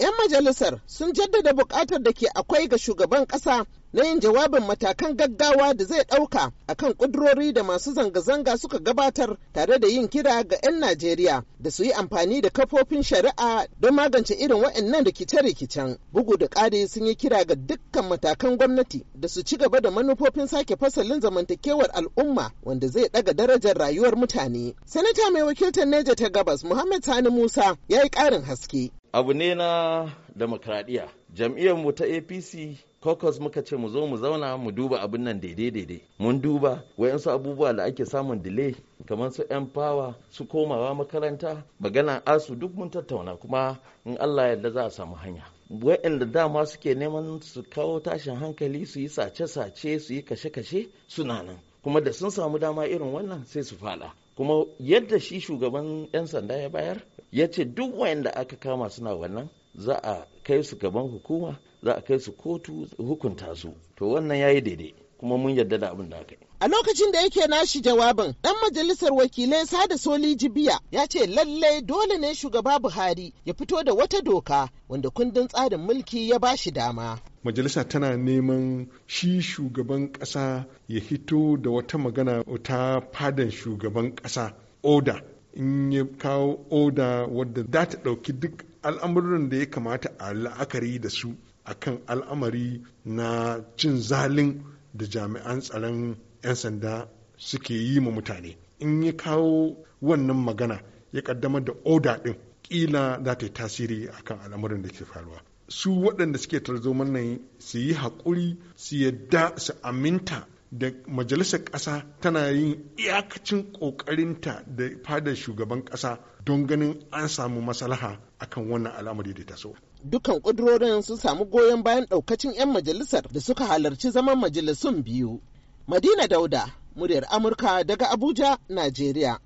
'Yan majalisar sun jaddada buƙatar da ke akwai ga shugaban ƙasa na yin jawabin matakan gaggawa da zai ɗauka a kan ƙudurori da masu zanga-zanga suka gabatar tare da yin kira ga 'yan Najeriya da su yi amfani da kafofin shari'a don magance irin waɗannan rikice-rikicen. Bugu da ƙari sun yi kira ga dukkan matakan gwamnati da su ci gaba da manufofin sake fasalin zamantakewar al'umma wanda zai ɗaga darajar rayuwar mutane. Sanata mai wakiltar Neja ta Gabas Muhammad Sani Musa ya yi ƙarin haske. abu ne na demokradiyya jam'iyyar mu ta apc caucus muka ce mu zo mu zauna mu duba abin nan daidai-daidai mun duba wayansu abubuwa da ake samun delay kamar su yan power su komawa makaranta magana asu duk mun tattauna kuma in allah yadda za a samu hanya Wa'inda dama suke neman su kawo tashin hankali su yi sace-sace su yi kashe-kashe suna nan kuma da sun samu dama irin wannan sai su fada kuma yadda shi shugaban 'yan sanda ya bayar ya ce duk wayanda aka kama suna wannan za a kai su gaban hukuma za a kai su kotu hukunta su to wannan ya yi daidai kuma mun yarda da abin da aka yi a lokacin da yake nashi jawabin dan majalisar wakilai sada soli jibiya ya ce lallai dole ne shugaba buhari ya fito da wata doka wanda kundin tsarin mulki ya ba shi dama majalisa tana neman shi shugaban kasa ya hito da wata magana ta fadan shugaban kasa oda in ya kawo oda wadda za ta ɗauki duk al'amuran da ya kamata a la'akari da su akan al'amari na cin zalin da jami'an tsaron 'yan sanda suke yi ma mutane in ya kawo wannan magana ya kaddamar da oda ɗin ƙila za ta yi tasiri akan al'amuran da ke faruwa su waɗanda suke tarzoman nan su yi haƙuri su yadda su aminta da majalisar ƙasa tana yin iyakacin ƙoƙarinta da fadar shugaban ƙasa don ganin an samu masalaha akan wannan al'amari da ta so. Dukan ƙudurorin sun samu goyon bayan ɗaukacin 'yan majalisar da suka halarci zaman majalisun biyu. Madina Dauda, muryar Amurka daga Abuja, Najeriya.